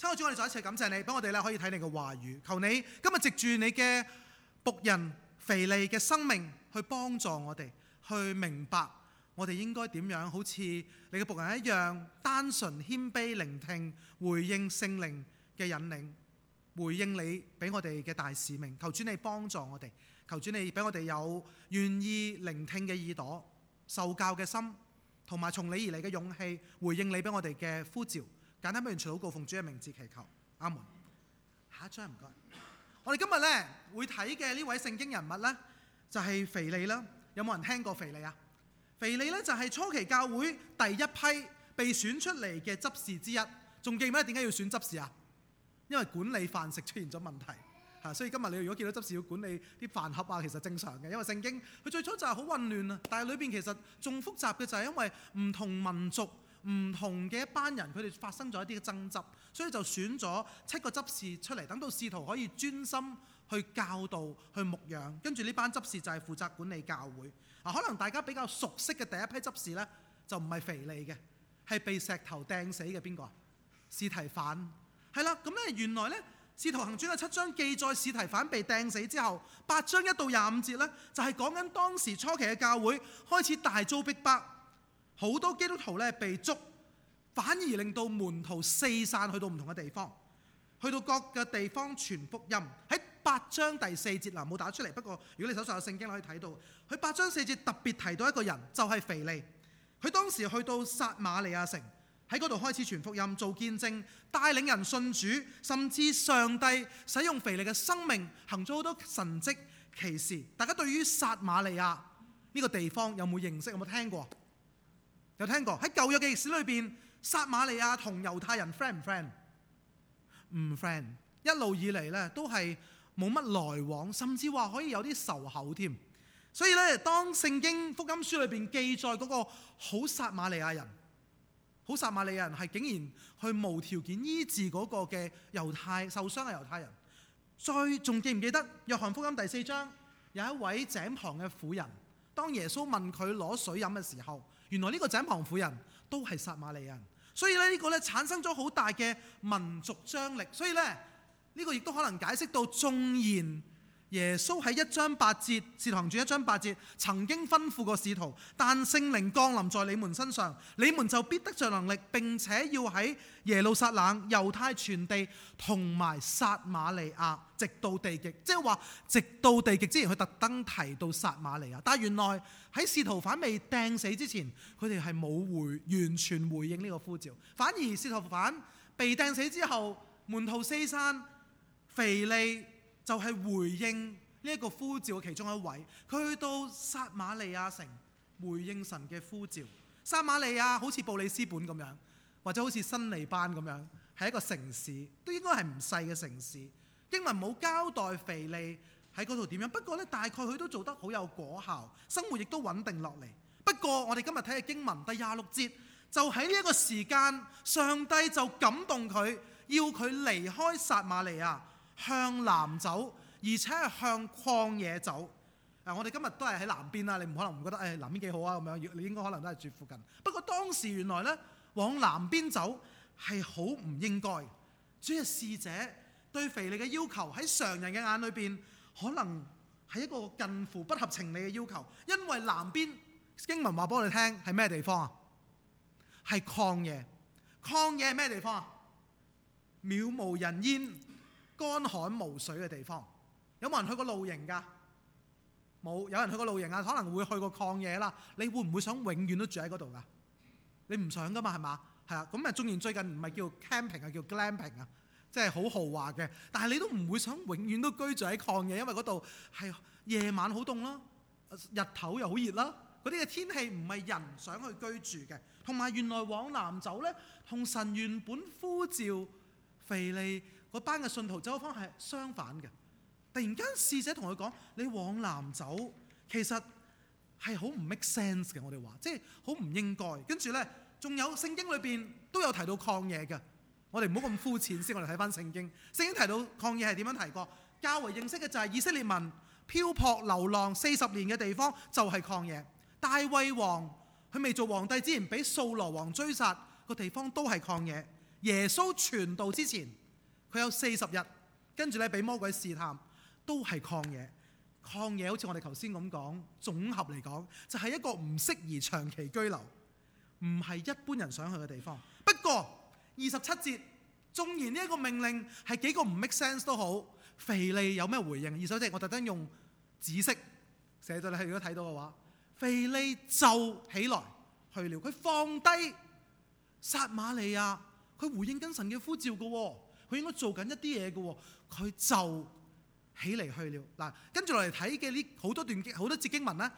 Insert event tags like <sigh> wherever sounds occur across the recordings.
親愛的主，我哋再一次感謝你，俾我哋咧可以睇你嘅話語，求你今日藉住你嘅僕人腓利嘅生命，去幫助我哋，去明白我哋應該點樣，好似你嘅僕人一樣，單純謙卑聆聽，回應聖靈嘅引領，回應你俾我哋嘅大使命。求主你幫助我哋，求主你俾我哋有願意聆聽嘅耳朵、受教嘅心，同埋從你而嚟嘅勇氣，回應你俾我哋嘅呼召。簡單不如除好告奉主嘅名字祈求，阿門。下一張唔該。我哋今日咧會睇嘅呢位聖經人物咧，就係、是、腓利啦。有冇人聽過腓利啊？腓利咧就係、是、初期教會第一批被選出嚟嘅執事之一。仲記唔記得點解要選執事啊？因為管理飯食出現咗問題嚇，所以今日你如果見到執事要管理啲飯盒啊，其實正常嘅。因為聖經佢最初就係好混亂啊，但係裏邊其實仲複雜嘅就係因為唔同民族。唔同嘅一班人，佢哋發生咗一啲嘅爭執，所以就選咗七個執事出嚟，等到使徒可以專心去教導、去牧養。跟住呢班執事就係負責管理教會。嗱、啊，可能大家比較熟悉嘅第一批執事呢，就唔係腓利嘅，係被石頭掟死嘅邊個啊？司提反，係啦。咁呢原來呢，《使徒行傳》嘅七章記載司提反被掟死之後，八章一到廿五節呢，就係、是、講緊當時初期嘅教會開始大遭逼迫。好多基督徒咧被捉，反而令到門徒四散去到唔同嘅地方，去到各個地方傳福音。喺八章第四節嗱冇，啊、打出嚟，不過如果你手上有聖經可以睇到，佢八章四節特別提到一個人就係腓力。佢當時去到撒瑪利亞城，喺嗰度開始傳福音、做見證、帶領人信主，甚至上帝使用腓力嘅生命行咗好多神跡奇事。大家對於撒瑪利亞呢個地方有冇認識？有冇聽過？有聽過，喺舊約嘅歷史裏邊，撒瑪利亞同猶太人 friend 唔 friend？唔 friend，一路以嚟咧都係冇乜來往，甚至話可以有啲仇口添。所以咧，當聖經福音書裏邊記載嗰個好撒瑪利亞人，好撒瑪利亞人係竟然去無條件醫治嗰個嘅猶太受傷嘅猶太人。再仲記唔記得約翰福音第四章有一位井旁嘅婦人，當耶穌問佢攞水飲嘅時候？原來呢個就係井旁婦人，都係撒瑪利人，所以咧呢個產生咗好大嘅民族張力，所以咧呢個亦都可能解釋到縱然。耶穌喺一章八節，使徒行傳一章八節曾經吩咐過使徒，但聖靈降臨在你們身上，你們就必得着能力，並且要喺耶路撒冷、猶太全地同埋撒瑪利亞，直到地極。即係話，直到地極之前，佢特登提到撒瑪利亞。但係原來喺司提反未掟死之前，佢哋係冇回完全回應呢個呼召，反而司提反被掟死之後，門徒四散，腓利，就係回應呢一個呼召嘅其中一位，佢去到撒瑪利亞城回應神嘅呼召。撒瑪利亞好似布里斯本咁樣，或者好似新利班咁樣，係一個城市，都應該係唔細嘅城市。英文冇交代腓利喺嗰度點樣，不過咧，大概佢都做得好有果效，生活亦都穩定落嚟。不過我哋今日睇嘅經文第廿六節，就喺呢一個時間，上帝就感動佢，要佢離開撒瑪利亞。向南走，而且係向曠野走。嗱、啊，我哋今日都係喺南邊啊！你唔可能唔覺得，誒、哎、南邊幾好啊？咁樣，你應該可能都係住附近。不過當時原來呢，往南邊走係好唔應該。主要使者對腓利嘅要求喺常人嘅眼裏邊，可能係一個近乎不合情理嘅要求，因為南邊經文話俾我哋聽係咩地方啊？係曠野，曠野係咩地方啊？渺無人煙。乾旱無水嘅地方，有冇人去過露營㗎？冇，有人去過露營啊？可能會去過曠野啦。你會唔會想永遠都住喺嗰度㗎？你唔想噶嘛？係嘛？係啊。咁啊，近年最近唔係叫 camping 啊，叫 glamping 啊，即係好豪華嘅。但係你都唔會想永遠都居住喺曠野，因為嗰度係夜晚好凍咯，日頭又好熱啦。嗰啲嘅天氣唔係人想去居住嘅。同埋原來往南走咧，同神原本呼召腓利。嗰班嘅信徒走方係相反嘅。突然間，使者同佢講：你往南走，其實係好唔 make sense 嘅。我哋話即係好唔應該。跟住呢，仲有聖經裏邊都有提到曠野嘅。我哋唔好咁膚淺先。我哋睇翻聖經，聖經提到曠野係點樣提過？較為認識嘅就係以色列民漂泊流浪四十年嘅地方就係曠野。大衛王佢未做皇帝之前，俾掃羅王追殺個地方都係曠野。耶穌傳道之前。佢有四十日，跟住咧俾魔鬼試探，都係曠野。曠野好似我哋頭先咁講，總合嚟講就係、是、一個唔適宜長期居留，唔係一般人想去嘅地方。不過二十七節縱然呢一個命令係幾個唔 make sense 都好，腓利有咩回應？二十七節我特登用紫色寫在你係如果睇到嘅話，腓利就起來去了。佢放低撒瑪利亞，佢回應跟神嘅呼召嘅喎、哦。佢應該做緊一啲嘢嘅喎，佢就起嚟去了嗱。跟住落嚟睇嘅呢好多段好多節經文咧，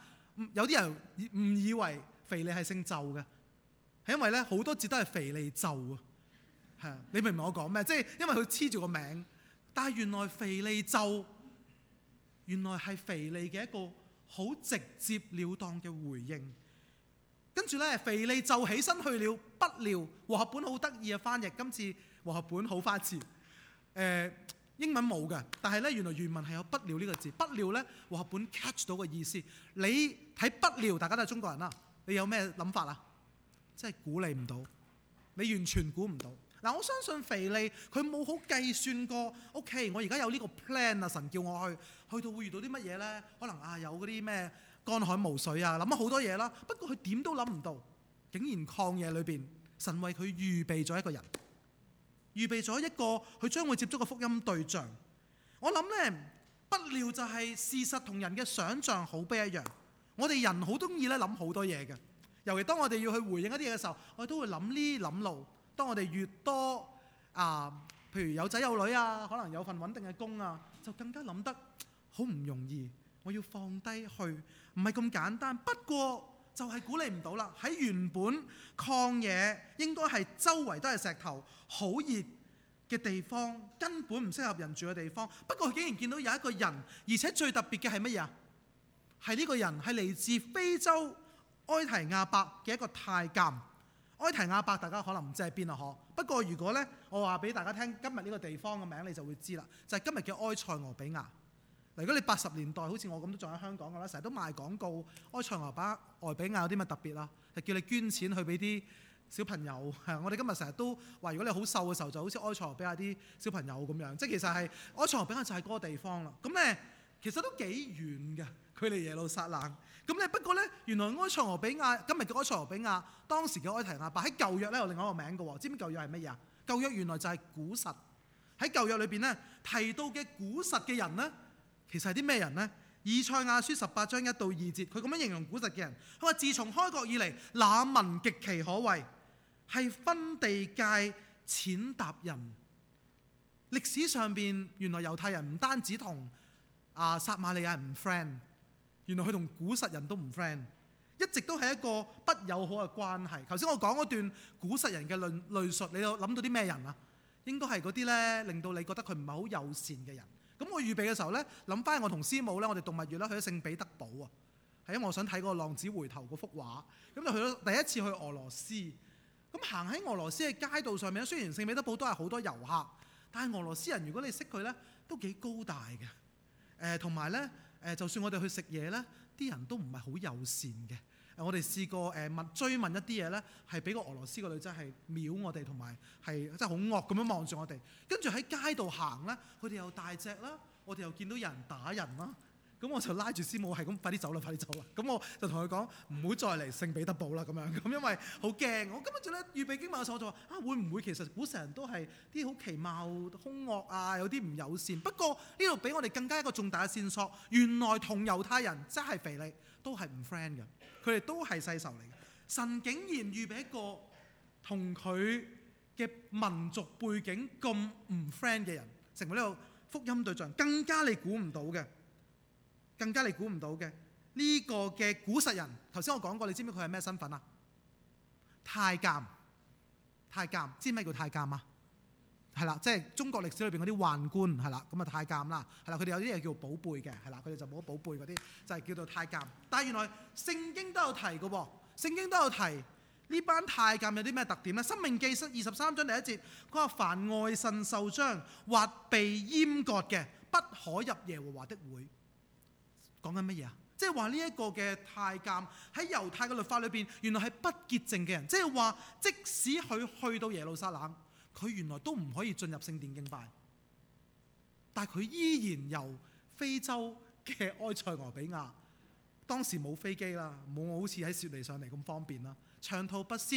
有啲人誤以為腓利係姓就嘅，係因為咧好多節都係腓利就啊，係啊，你明唔明我講咩？即係因為佢黐住個名，但係原來腓利就，原來係腓利嘅一個好直接了當嘅回應。跟住咧，腓利就起身去了，不料和合本好得意嘅翻譯，今次。和合本好花字，誒、呃、英文冇嘅，但係咧原來原文係有「不料」呢個字，不料咧和合本 catch 到個意思。你睇不料，大家都係中國人啦，你有咩諗法啊？真係估你唔到，你完全估唔到。嗱、啊，我相信肥利佢冇好計算過。O.K. 我而家有呢個 plan 啊，神叫我去，去到會遇到啲乜嘢咧？可能啊有嗰啲咩乾旱無水啊，諗咗好多嘢啦。不過佢點都諗唔到，竟然曠野裏邊神為佢預備咗一個人。預備咗一個佢將會接觸嘅福音對象，我諗呢，不料就係事實同人嘅想像好不一樣。我哋人好中意咧諗好多嘢嘅，尤其當我哋要去回應一啲嘢嘅時候，我哋都會諗呢啲諗路。當我哋越多啊，譬如有仔有女啊，可能有份穩定嘅工啊，就更加諗得好唔容易。我要放低去，唔係咁簡單。不過，就係鼓勵唔到啦！喺原本曠野應該係周圍都係石頭、好熱嘅地方，根本唔適合人住嘅地方。不過竟然見到有一個人，而且最特別嘅係乜嘢啊？係呢個人係嚟自非洲埃提亞伯嘅一個太監。埃提亞伯大家可能唔知係邊啊？可不過如果呢，我話俾大家聽，今日呢個地方嘅名你就會知啦，就係今日嘅埃塞俄比亞。如果你八十年代好似我咁都仲喺香港㗎啦，成日都賣廣告。埃塞俄比亞外比亞有啲乜特別啊？係叫你捐錢去俾啲小朋友。係我哋今日成日都話，如果你好瘦嘅時候，就好似埃塞俄比亞啲小朋友咁樣。即係其實係埃塞俄比亞就係嗰個地方啦。咁咧其實都幾遠㗎，距離耶路撒冷。咁咧不過咧，原來埃塞俄比亞今日嘅埃塞俄比亞，當時嘅埃提阿伯喺舊約咧有另外一個名㗎喎。知唔知舊約係乜嘢啊？舊約原來就係古實，喺舊約裏邊咧提到嘅古實嘅人咧其實係啲咩人呢？以賽亞書十八章一到二節，佢咁樣形容古實嘅人。佢話：自從開國以嚟，那民極其可畏，係分地界踐踏人。歷史上面原來猶太人唔單止同啊撒瑪利亞人唔 friend，原來佢同古實人都唔 friend，一直都係一個不友好嘅關係。頭先我講嗰段古實人嘅論論述，你有諗到啲咩人啊？應該係嗰啲咧，令到你覺得佢唔係好友善嘅人。咁我預備嘅時候呢，諗返我同師母呢，我哋動物園咧去咗聖彼得堡啊，係因為我想睇嗰個浪子回頭嗰幅畫，咁就去咗第一次去俄羅斯。咁行喺俄羅斯嘅街道上面咧，雖然聖彼得堡都係好多遊客，但係俄羅斯人如果你識佢呢，都幾高大嘅。同埋呢，就算我哋去食嘢呢，啲人都唔係好友善嘅。我哋試過誒問追問一啲嘢咧，係俾個俄羅斯個女仔係瞄我哋，同埋係即係好惡咁樣望住我哋。跟住喺街度行咧，佢哋又大隻啦，我哋又見到有人打人啦。咁我就拉住師母係咁快啲走啦，快啲走啦。咁我就同佢講唔好再嚟聖彼得堡啦，咁樣咁，因為好驚。我今次咧預備經嘅時候我就話啊，會唔會其實古時人都係啲好奇貌兇惡啊？有啲唔友善。不過呢度俾我哋更加一個重大嘅線索，原來同猶太人真係腓利都係唔 friend 嘅。佢哋都係世仇嚟嘅，神竟然預備一個同佢嘅民族背景咁唔 friend 嘅人，成為呢個福音對象，更加你估唔到嘅，更加你估唔到嘅呢個嘅古實人。頭先我講過，你知唔知佢係咩身份啊？太監，太監，知唔知叫太監啊？係啦，即係中國歷史裏邊嗰啲宦官係啦，咁啊太監啦，係啦，佢哋有啲嘢叫寶貝嘅，係啦，佢哋就冇得寶貝嗰啲，就係、是、叫做太監。但係原來聖經都有提嘅喎，聖經都有提呢班太監有啲咩特點咧？申命記二十三章第一節，佢話凡外腎受傷或被閹割嘅，不可入耶和華的會。講緊乜嘢啊？即係話呢一個嘅太監喺猶太嘅律法裏邊，原來係不潔淨嘅人。即係話，即使佢去到耶路撒冷。佢原來都唔可以進入聖殿敬拜，但係佢依然由非洲嘅埃塞俄比亞，當時冇飛機啦，冇好似喺雪地上嚟咁方便啦，長途跋涉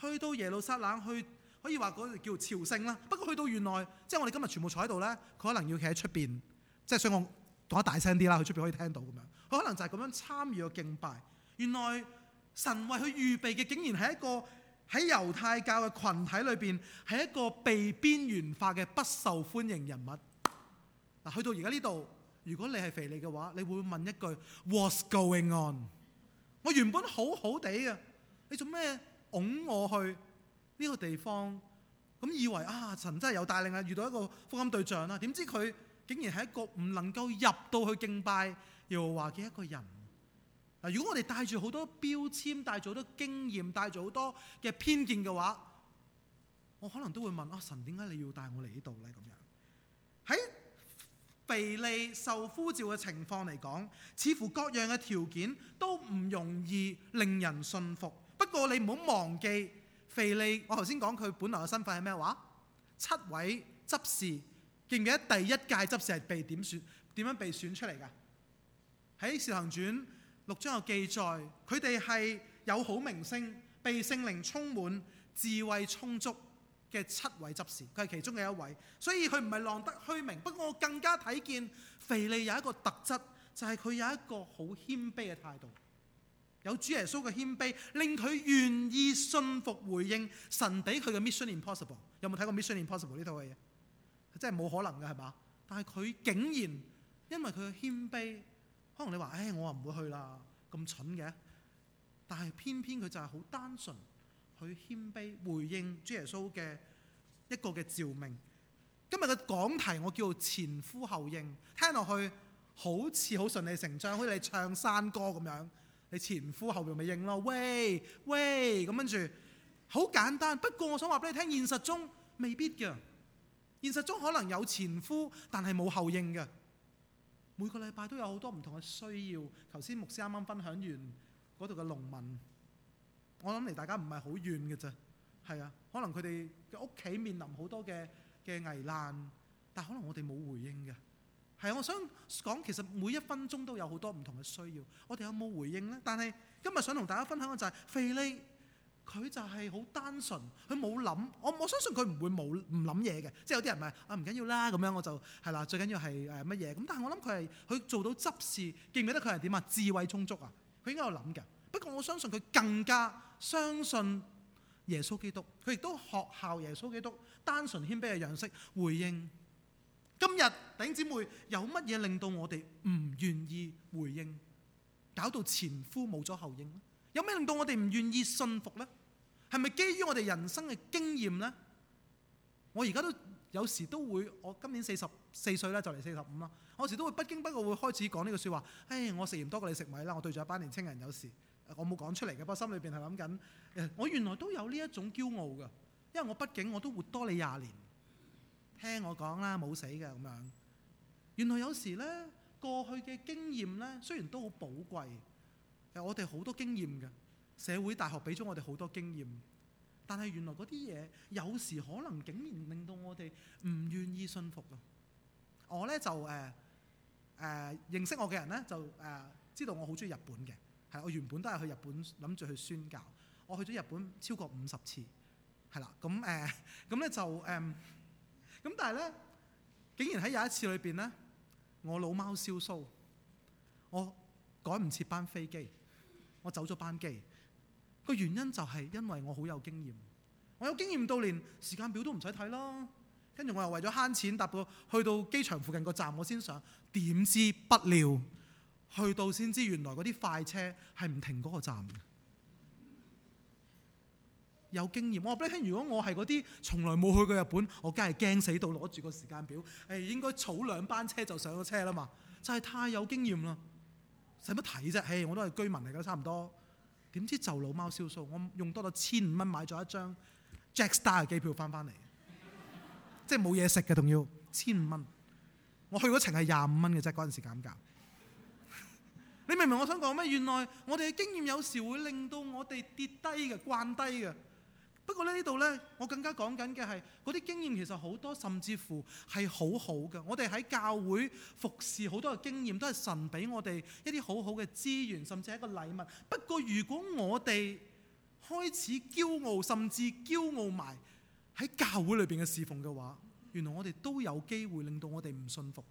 去到耶路撒冷去，可以話嗰叫朝聖啦。不過去到原來，即係我哋今日全部坐喺度咧，佢可能要企喺出邊，即係所以我講得大聲啲啦，佢出邊可以聽到咁樣。佢可能就係咁樣參與個敬拜。原來神為佢預備嘅竟然係一個。喺猶太教嘅群體裏邊，係一個被邊緣化嘅不受歡迎人物。嗱，去到而家呢度，如果你係腓利嘅話，你會問一句：What's going on？我原本好好哋嘅，你做咩拱我去呢個地方？咁以為啊，神真係有帶領啊，遇到一個福音對象啦。點知佢竟然係一個唔能夠入到去敬拜耶和華嘅一個人。嗱，如果我哋帶住好多標籤，帶咗好多經驗，帶咗好多嘅偏見嘅話，我可能都會問阿、哦、神，點解你要帶我嚟呢度咧？咁樣喺、哎、腓利受呼召嘅情況嚟講，似乎各樣嘅條件都唔容易令人信服。不過你唔好忘記腓利，我頭先講佢本來嘅身份係咩話？七位執事，記唔記得第一屆執事係被點選？點樣被選出嚟嘅？喺、哎《使徒行傳》六章有記載，佢哋係有好名聲，被聖靈充滿、智慧充足嘅七位執事，佢係其中嘅一位，所以佢唔係浪得虛名。不過我更加睇見腓利有一個特質，就係、是、佢有一個好謙卑嘅態度，有主耶穌嘅謙卑，令佢願意信服、回應神俾佢嘅 mission impossible。有冇睇過 mission impossible 呢套嘢？真係冇可能嘅係嘛？但係佢竟然因為佢嘅謙卑。可能你話，誒、哎，我話唔會去啦，咁蠢嘅。但係偏偏佢就係好單純，佢謙卑回應主耶穌嘅一個嘅召命。今日嘅講題我叫做「前呼後應」，聽落去好似好順理成章，好似你唱山歌咁樣，你前呼後面咪應咯，喂喂咁跟住，好簡單。不過我想話俾你聽，現實中未必嘅。現實中可能有前呼，但係冇後應嘅。每個禮拜都有好多唔同嘅需要，頭先牧師啱啱分享完嗰度嘅農民，佢就係好單純，佢冇諗。我我相信佢唔會冇唔諗嘢嘅，即係有啲人咪、就是、啊唔緊要啦咁樣，我就係啦。最緊要係誒乜嘢？咁、呃、但係我諗佢係佢做到執事，記唔記得佢係點啊？智慧充足啊！佢應該有諗嘅。不過我相信佢更加相信耶穌基督，佢亦都學效耶穌基督，單純謙卑嘅樣式回應。今日弟兄姊妹有乜嘢令到我哋唔願意回應，搞到前呼冇咗後應？有咩令到我哋唔願意信服咧？係咪基於我哋人生嘅經驗呢？我而家都有時都會，我今年四十四歲咧，就嚟四十五啦。我時都會不經不覺會開始講呢個説話。誒、哎，我食鹽多過你食米啦。我對住一班年青人有時，我冇講出嚟嘅，不過心裏邊係諗緊。我原來都有呢一種驕傲㗎，因為我畢竟我都活多你廿年。聽我講啦，冇死嘅咁樣。原來有時呢，過去嘅經驗呢，雖然都好寶貴，但我哋好多經驗㗎。社會大學俾咗我哋好多經驗，但係原來嗰啲嘢有時可能竟然令到我哋唔願意信服咯。我咧就誒誒、呃呃、認識我嘅人咧就誒、呃、知道我好鍾意日本嘅，係我原本都係去日本諗住去宣教，我去咗日本超過五十次，係啦，咁誒咁咧就誒咁、嗯、但係咧竟然喺有一次裏邊咧，我老貓燒鬚，我趕唔切班飛機，我走咗班機。個原因就係因為我好有經驗，我有經驗到連時間表都唔使睇啦。跟住我又為咗慳錢搭到去到機場附近個站，我先上。點知不料去到先知原來嗰啲快車係唔停嗰個站嘅。有經驗，我話俾你聽，如果我係嗰啲從來冇去過日本，我梗係驚死到攞住個時間表，誒，應該早兩班車就上咗車啦嘛。真係太有經驗啦，使乜睇啫？誒，我都係居民嚟噶，差唔多。點知就老貓燒鬚，我用多咗千五蚊買咗一張 Jack Star 嘅機票翻翻嚟，即係冇嘢食嘅，仲要千五蚊。我去嗰程係廿五蚊嘅啫，嗰陣時減價。 <laughs> 你明唔明我想講咩？原來我哋嘅經驗有時會令到我哋跌低嘅、慣低嘅。不過呢度呢，我更加講緊嘅係嗰啲經驗其實好多，甚至乎係好好嘅。我哋喺教會服侍好多嘅經驗，都係神俾我哋一啲好好嘅資源，甚至係一個禮物。不過如果我哋開始驕傲，甚至驕傲埋喺教會裏邊嘅侍奉嘅話，原來我哋都有機會令到我哋唔信服。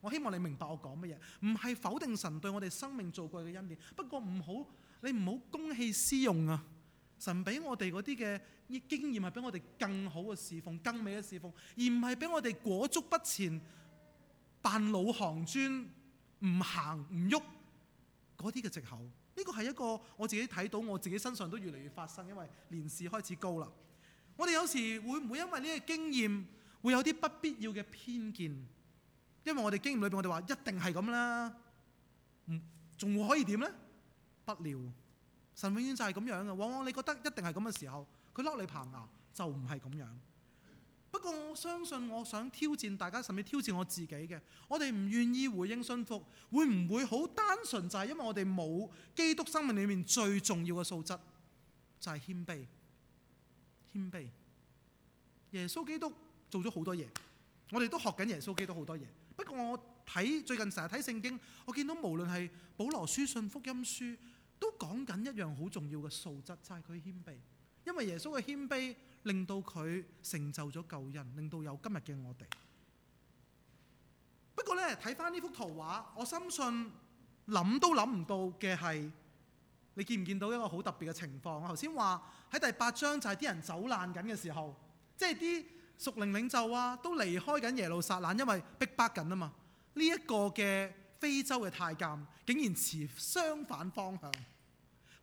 我希望你明白我講乜嘢，唔係否定神對我哋生命做過嘅恩典，不過唔好，你唔好公器私用啊！神俾我哋嗰啲嘅啲經驗係俾我哋更好嘅侍奉，更美嘅侍奉，而唔係俾我哋裹足不前、扮老行尊、唔行唔喐嗰啲嘅藉口。呢個係一個我自己睇到，我自己身上都越嚟越發生，因為年事開始高啦。我哋有時會唔會因為呢個經驗，會有啲不必要嘅偏見？因為我哋經驗裏邊，我哋話一定係咁啦，仲會可以點呢？不了。神永遠就係咁樣嘅，往往你覺得一定係咁嘅時候，佢甩你棚牙就唔係咁樣。不過我相信，我想挑戰大家，甚至挑戰我自己嘅，我哋唔願意回應信服，會唔會好單純就係因為我哋冇基督生命裏面最重要嘅素質，就係謙卑、謙卑。耶穌基督做咗好多嘢，我哋都學緊耶穌基督好多嘢。不過我睇最近成日睇聖經，我見到無論係《保羅書信》、《福音書》。都講緊一樣好重要嘅素質，就係佢謙卑。因為耶穌嘅謙卑，令到佢成就咗救恩，令到有今日嘅我哋。不過呢，睇翻呢幅圖畫，我相信諗都諗唔到嘅係，你見唔見到一個好特別嘅情況？我頭先話喺第八章就係啲人走難緊嘅時候，即係啲屬靈領袖啊都離開緊耶路撒冷，因為逼迫緊啊嘛。呢、這、一個嘅。非洲嘅太監竟然持相反方向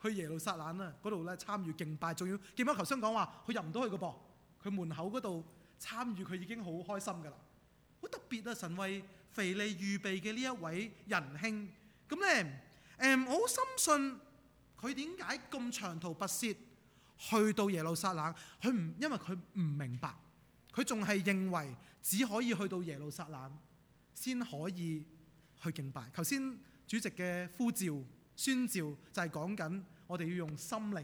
去耶路撒冷啊嗰度咧，參與敬拜，仲要見到頭先講話，佢入唔到去嘅噃，佢門口嗰度參與佢已經好開心嘅啦，好特別啊！神為腓利預備嘅呢一位仁兄，咁咧誒，我好深信佢點解咁長途跋涉去到耶路撒冷，佢唔因為佢唔明白，佢仲係認為只可以去到耶路撒冷先可以。去敬拜。頭先主席嘅呼召、宣召就係講緊我哋要用心靈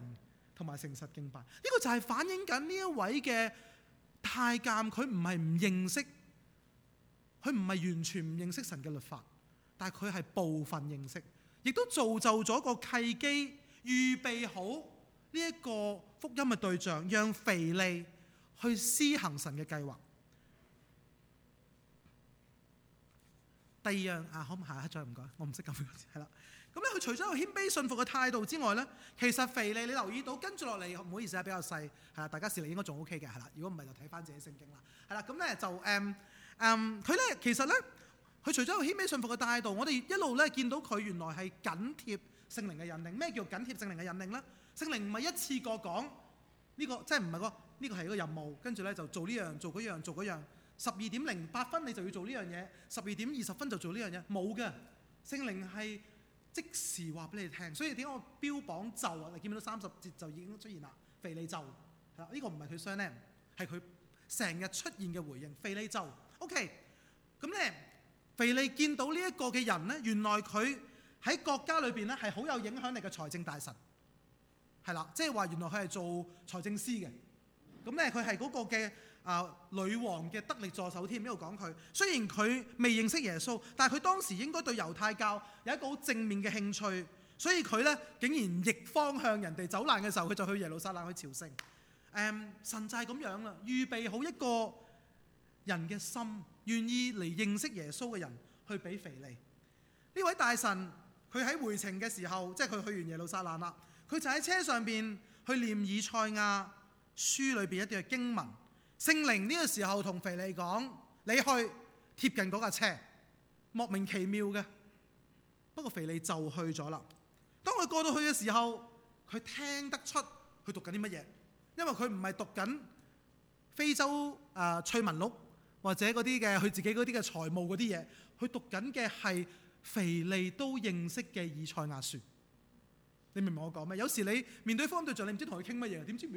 同埋誠實敬拜。呢個就係反映緊呢一位嘅太監，佢唔係唔認識，佢唔係完全唔認識神嘅律法，但係佢係部分認識，亦都造就咗個契機，預備好呢一個福音嘅對象，讓腓利去施行神嘅計劃。第二樣啊，好唔好？下再唔該，我唔識講。係啦，咁咧佢除咗有個謙卑信服嘅態度之外咧，其實腓利你留意到跟住落嚟，唔好意思啊，比較細，係啦，大家視力應該仲 OK 嘅，係啦。如果唔係就睇翻自己聖經啦。係啦，咁咧就誒誒，佢、嗯、咧其實咧，佢除咗有個謙卑信服嘅態度，我哋一路咧見到佢原來係緊貼聖靈嘅引領。咩叫緊貼聖靈嘅引領咧？聖靈唔係一次過講呢、這個，即係唔係個呢個係一個任務，跟住咧就做呢、這、樣、個、做嗰、這、樣、個、做嗰樣。十二點零八分你就要做呢樣嘢，十二點二十分就做呢樣嘢，冇嘅。聖靈係即時話俾你哋聽，所以點解我標榜就啊？你見唔見到三十節就已經出現啦？腓利就係啦，呢個唔係佢 surname，係佢成日出現嘅回應。腓利就 OK，咁咧，腓利見到呢一個嘅人咧，原來佢喺國家裏邊咧係好有影響力嘅財政大臣，係啦，即係話原來佢係做財政司嘅。咁咧佢係嗰個嘅。呃、女王嘅得力助手添，呢度講佢。雖然佢未認識耶穌，但係佢當時應該對猶太教有一個好正面嘅興趣，所以佢呢，竟然逆方向人哋走難嘅時候，佢就去耶路撒冷去朝聖。嗯、神就係咁樣啦，預備好一個人嘅心，願意嚟認識耶穌嘅人去俾腓利呢位大臣。佢喺回程嘅時候，即係佢去完耶路撒冷啦，佢就喺車上邊去念以賽亞書裏邊一啲嘅經文。聖靈呢個時候同肥利講：你去貼近嗰架車，莫名其妙嘅。不過肥利就去咗啦。當佢過到去嘅時候，佢聽得出佢讀緊啲乜嘢，因為佢唔係讀緊非洲誒趣聞錄或者嗰啲嘅佢自己嗰啲嘅財務嗰啲嘢，佢讀緊嘅係肥利都認識嘅以賽亞書。你明唔明我講咩？有時你面對方對象，你唔知同佢傾乜嘢，點知？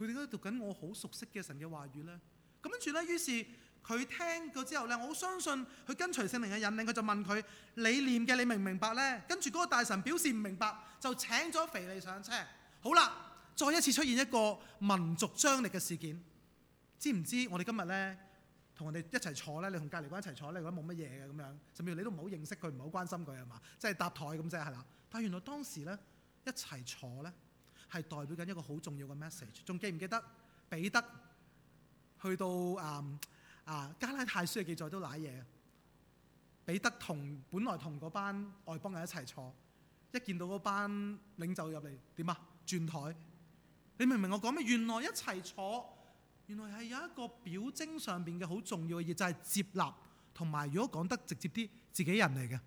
佢哋都讀緊我好熟悉嘅神嘅話語呢。咁跟住呢，於是佢聽過之後呢，我好相信佢跟隨聖靈嘅引領，佢就問佢：「你念嘅你明唔明白呢？」跟住嗰個大臣表示唔明白，就請咗腓利上車。好啦，再一次出現一個民族張力嘅事件。知唔知我哋今日呢，同人哋一齊坐呢？你同隔離關一齊坐咧，覺得冇乜嘢嘅咁樣。甚至你都唔好認識佢，唔好關心佢係嘛，即係搭台咁啫係啦。但係原來當時呢，一齊坐呢。係代表緊一個好重要嘅 message。仲記唔記得彼得去到啊啊加拉太書嘅記載都賴嘢。彼得同本來同嗰班外邦人一齊坐，一見到嗰班領袖入嚟點啊轉台。你明唔明我講咩？原來一齊坐，原來係有一個表徵上邊嘅好重要嘅嘢，就係、是、接納，同埋如果講得直接啲，自己人嚟嘅。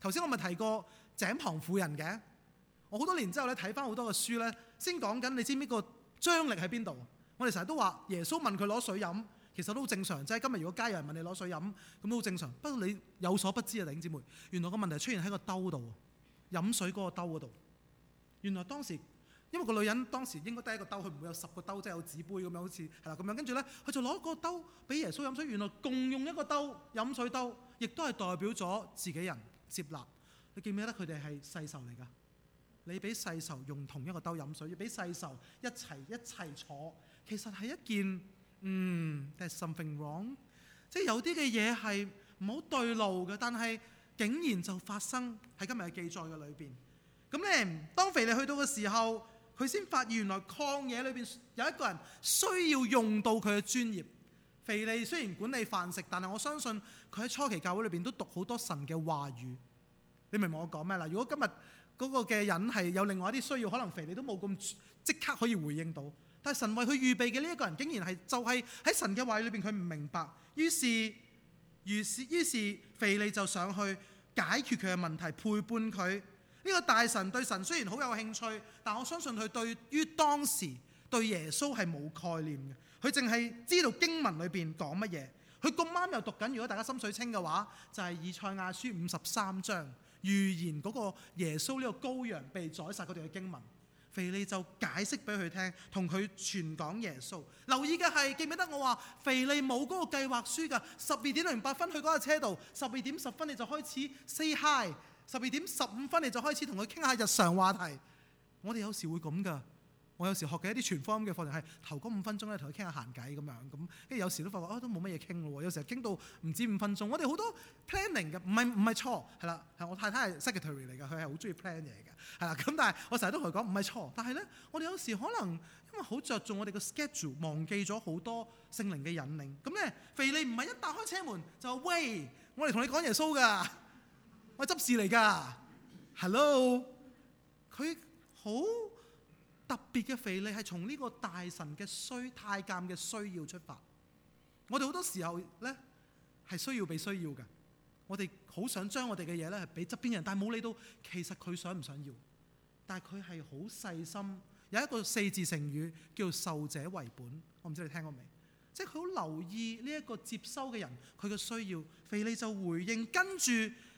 頭先我咪提過井旁婦人嘅。我好多年之後咧，睇翻好多嘅書咧，先講緊你知唔知個張力喺邊度？我哋成日都話耶穌問佢攞水飲，其實都好正常。即係今日如果家人問你攞水飲，咁都好正常。不過你有所不知啊，弟兄姊妹，原來個問題出現喺個兜度，飲水嗰個兜嗰度。原來當時因為個女人當時應該得一個兜，佢唔會有十個兜，即係有紙杯咁樣，樣，好似係啦咁樣。跟住咧，佢就攞個兜俾耶穌飲水。原來共用一個兜飲水兜，亦都係代表咗自己人接納。你記唔記得佢哋係世仇嚟㗎？你俾世仇用同一個兜飲水，要俾世仇一齊一齊坐，其實係一件嗯 that something wrong，即係有啲嘅嘢係唔好對路嘅。但係竟然就發生喺今日嘅記載嘅裏邊。咁咧，當腓利去到嘅時候，佢先發現原來曠野裏邊有一個人需要用到佢嘅專業。腓利雖然管理飯食，但係我相信佢喺初期教會裏邊都讀好多神嘅話語。你明唔明我講咩啦？如果今日，嗰個嘅人係有另外一啲需要，可能腓利都冇咁即刻可以回應到。但係神為佢預備嘅呢一個人，竟然係就係、是、喺神嘅話語裏邊佢唔明白。於是，於是，於是腓利就上去解決佢嘅問題，陪伴佢。呢、這個大臣對神雖然好有興趣，但我相信佢對於當時對耶穌係冇概念嘅。佢淨係知道經文裏邊講乜嘢。佢咁啱又讀緊，如果大家心水清嘅話，就係、是、以賽亞書五十三章。預言嗰個耶穌呢個羔羊被宰殺嗰段嘅經文，腓利就解釋俾佢聽，同佢傳講耶穌。留意嘅係，記唔記得我話，腓利冇嗰個計劃書㗎。十二點零八分去嗰架車度，十二點十分你就開始 say hi，十二點十五分你就開始同佢傾下日常話題。我哋有時會咁㗎。我有時學嘅一啲全方位嘅課程係頭嗰五分鐘咧，同佢傾下閒偈咁樣，咁跟住有時都發覺啊，都冇乜嘢傾咯喎。有時候傾到唔止五分鐘，我哋好多 planning 嘅，唔係，唔係錯係啦，係我太太係 secretary 嚟㗎，佢係好中意 plan 嘢嘅，係啦。咁但係我成日都同佢講唔係錯，但係咧我哋有時可能因為好着重我哋嘅 schedule，忘記咗好多聖靈嘅引領。咁咧肥利唔係一打開車門就喂，我嚟同你講耶穌㗎，我執事嚟㗎，hello，佢好。特別嘅腓利係從呢個大臣嘅需太監嘅需要出發。我哋好多時候呢係需要被需要嘅，我哋好想將我哋嘅嘢呢係俾側邊人，但係冇理到其實佢想唔想要。但係佢係好細心，有一個四字成語叫受者為本。我唔知你聽過未？即係佢好留意呢一個接收嘅人佢嘅需要，腓利就回應，跟住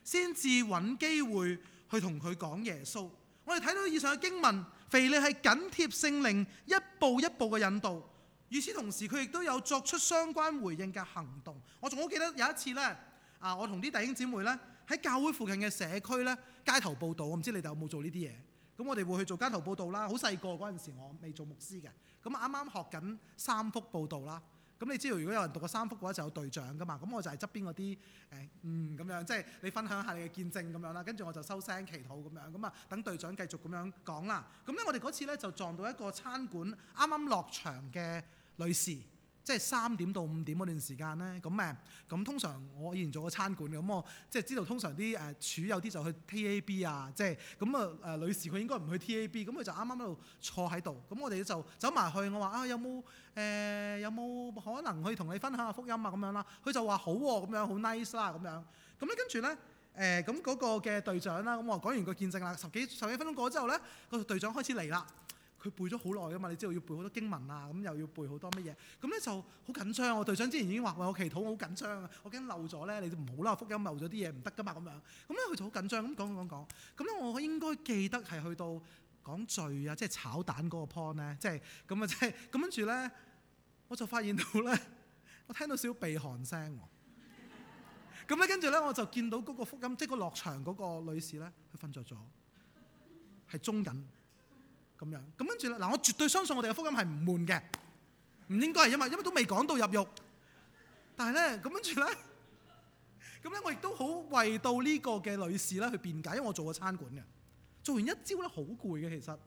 先至揾機會去同佢講耶穌。我哋睇到以上嘅經文。腓利係緊貼聖靈一步一步嘅引導，與此同時佢亦都有作出相關回應嘅行動。我仲好記得有一次呢，啊，我同啲弟兄姊妹呢，喺教會附近嘅社區呢，街頭佈道，我唔知你哋有冇做呢啲嘢？咁我哋會去做街頭佈道啦。好細個嗰陣時，我未做牧師嘅，咁啱啱學緊三福佈道啦。咁你知道如果有人讀過三福嘅話，就有隊長㗎嘛。咁我就係側邊嗰啲，誒嗯，咁樣，即係你分享下你嘅見證咁樣啦。跟住我就收聲祈禱咁樣。咁啊，等隊長繼續咁樣講啦。咁咧，我哋嗰次咧就撞到一個餐館啱啱落場嘅女士。即係三點到五點嗰段時間呢，咁誒，咁通常我以前做過餐館咁我即係知道通常啲誒處有啲就去 T A B 啊，即係咁啊誒女士佢應該唔去 T A B，咁佢就啱啱喺度坐喺度，咁我哋就走埋去，我話啊有冇誒有冇、呃、可能去同你分享下福音啊咁樣啦，佢就話好喎，咁樣好 nice 啦咁樣，咁咧跟住呢，誒咁嗰個嘅隊長啦，咁我講完個見證啦，十幾十幾分鐘過之後呢，個隊長開始嚟啦。佢背咗好耐噶嘛，你知道要背好多經文啊，咁又要背好多乜嘢，咁咧就好緊張。我隊長之前已經話為我祈禱，我好緊張啊，我驚漏咗咧，你就唔好啦，福音漏咗啲嘢唔得噶嘛，咁樣。咁咧佢就好緊張，咁講講講，咁咧我應該記得係去到講罪啊，即係炒蛋嗰個 point 咧，即係咁啊，即係咁跟住咧，我就發現到咧，我聽到少少鼻鼾聲喎。咁咧跟住咧，我就見到嗰個福音，即係個落場嗰個女士咧，佢瞓着咗，係中癮。咁樣，咁跟住咧，嗱，我絕對相信我哋嘅福音係唔悶嘅，唔應該係因為因為都未講到入獄，但係咧，咁跟住咧，咁咧我亦都好為到呢個嘅女士咧去辯解，因為我做過餐館嘅，做完一朝咧好攰嘅，其實。